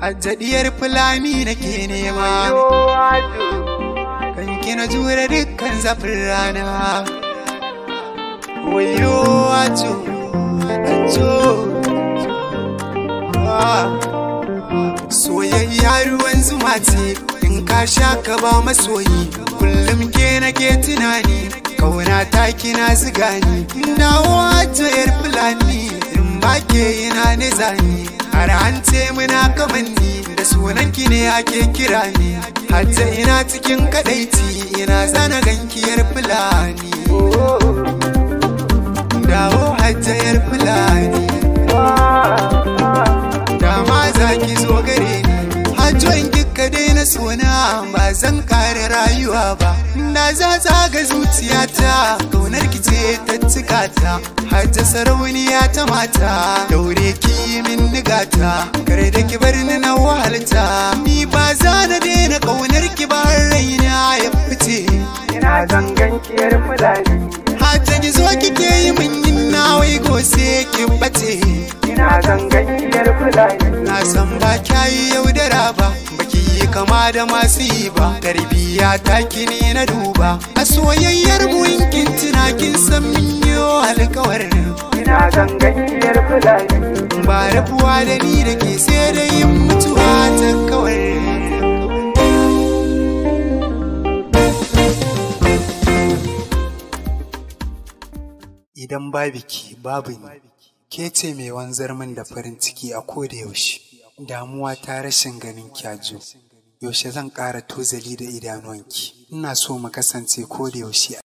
ajadiyar fulani nake nema Kanki na jure dukkan zafin rana Wayo ajo Ajo Soyayya ruwan zuma ce In ka sha ka ba masoyi Kullum ke nake tunani Kauna ta kina ziga ni Dawo yar fulani In ba ke yana nizani har an ce muna kamanni da sunan ki ne ake kira ni hatta ina cikin kadaici ina zana gankiyar fulani dawo hatta yar fulani dama za ki zo gare ni hajjoin kika daina suna ba zan kare rayuwa ba na za ga zuciyata har ta sarauni ya ta mata daure ki min nigata kare da ki bar ni na wahalta ni ba za na daina kaunar ki ba har raina ya fice ina zangan kiyar fulani ta ki zo ke yi min yin nawai gose ki bace ina zangan kiyar fulani na san ba kyayi yaudara ba kama da masu yi ba tarbiya taki ne na duba a soyayyar mu kin kin san min tanganyar fulani ba da ni da ke sai da yin mutuwa ta kawai idan biki babu ni ke ce mai wanzar min da farin ciki a koda yaushe damuwa ta rashin ganin kyajo yaushe zan ƙara tozali da idanuwanki ina so mu kasance koda yaushe